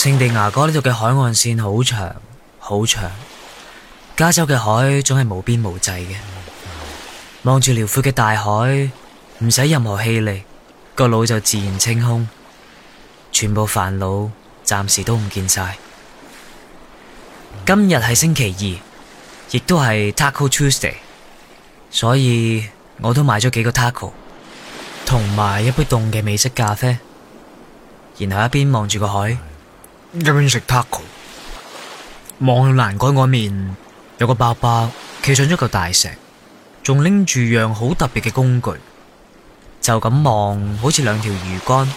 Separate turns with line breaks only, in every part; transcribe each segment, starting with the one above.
聖地牙哥呢度嘅海岸綫好長，好長。加州嘅海總係無邊無際嘅。望住遼闊嘅大海，唔使任何氣力，個腦就自然清空，全部煩惱暫時都唔見晒。今日係星期二，亦都係 Taco Tuesday，所以我都買咗幾個 taco，同埋一杯凍嘅美式咖啡，然後一邊望住個海。一邊食 taco，望向欄杆外面，有個伯伯企上咗嚿大石，仲拎住樣好特別嘅工具，就咁望，好似兩條魚竿。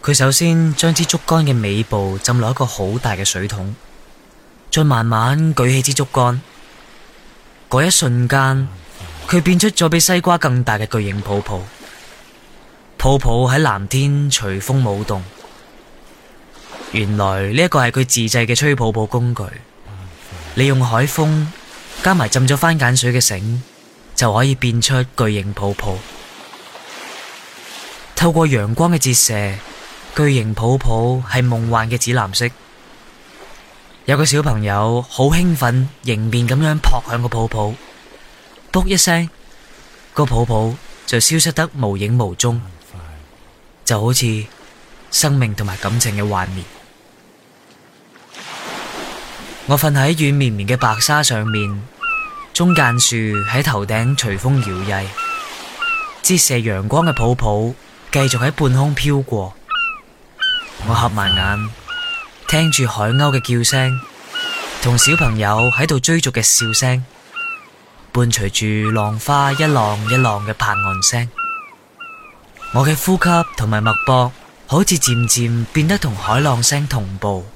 佢首先將支竹竿嘅尾部浸落一個好大嘅水桶，再慢慢舉起支竹竿。嗰一瞬間，佢變出咗比西瓜更大嘅巨型泡泡，泡泡喺藍天隨風舞動。原來呢一個係佢自製嘅吹泡泡工具，利用海風加埋浸咗番鹼水嘅繩，就可以變出巨型泡泡。透過陽光嘅折射，巨型泡泡係夢幻嘅紫藍色。有個小朋友好興奮，迎面咁樣撲向個泡泡，卜一聲，個泡泡就消失得無影無蹤，就好似。生命同埋感情嘅幻滅，我瞓喺軟綿綿嘅白沙上面，中間樹喺頭頂隨風搖曳，折射陽光嘅泡泡繼續喺半空飄過。我合埋眼，聽住海鷗嘅叫聲，同小朋友喺度追逐嘅笑聲，伴隨住浪花一浪一浪嘅拍岸聲。我嘅呼吸同埋脈搏。好似漸漸變得同海浪聲同步，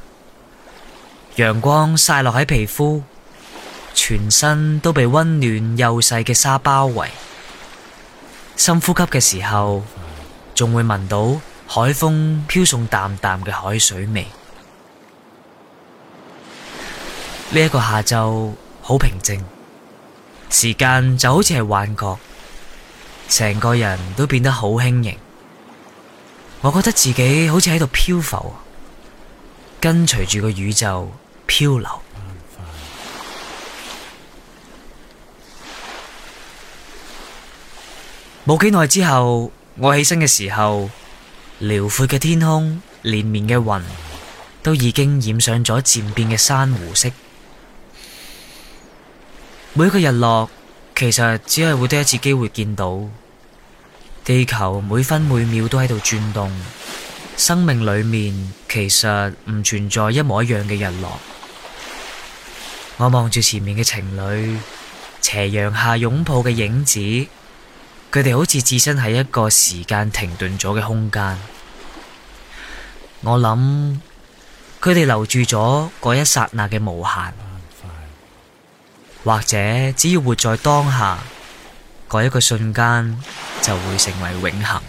陽光曬落喺皮膚，全身都被溫暖幼細嘅沙包圍。深呼吸嘅時候，仲會聞到海風飄送淡淡嘅海水味。呢一個下晝好平靜，時間就好似係幻覺，成個人都變得好輕盈。我覺得自己好似喺度漂浮，跟隨住個宇宙漂流。冇幾耐之後，我起身嘅時候，遼闊嘅天空、連綿嘅雲，都已經染上咗漸變嘅珊瑚色。每個日落，其實只係會得一次機會見到。地球每分每秒都喺度轉動，生命裏面其實唔存在一模一樣嘅日落。我望住前面嘅情侶，斜陽下擁抱嘅影子，佢哋好似置身喺一個時間停頓咗嘅空間。我諗，佢哋留住咗嗰一剎那嘅無限，或者只要活在當下，嗰一個瞬間。就會成為永恆。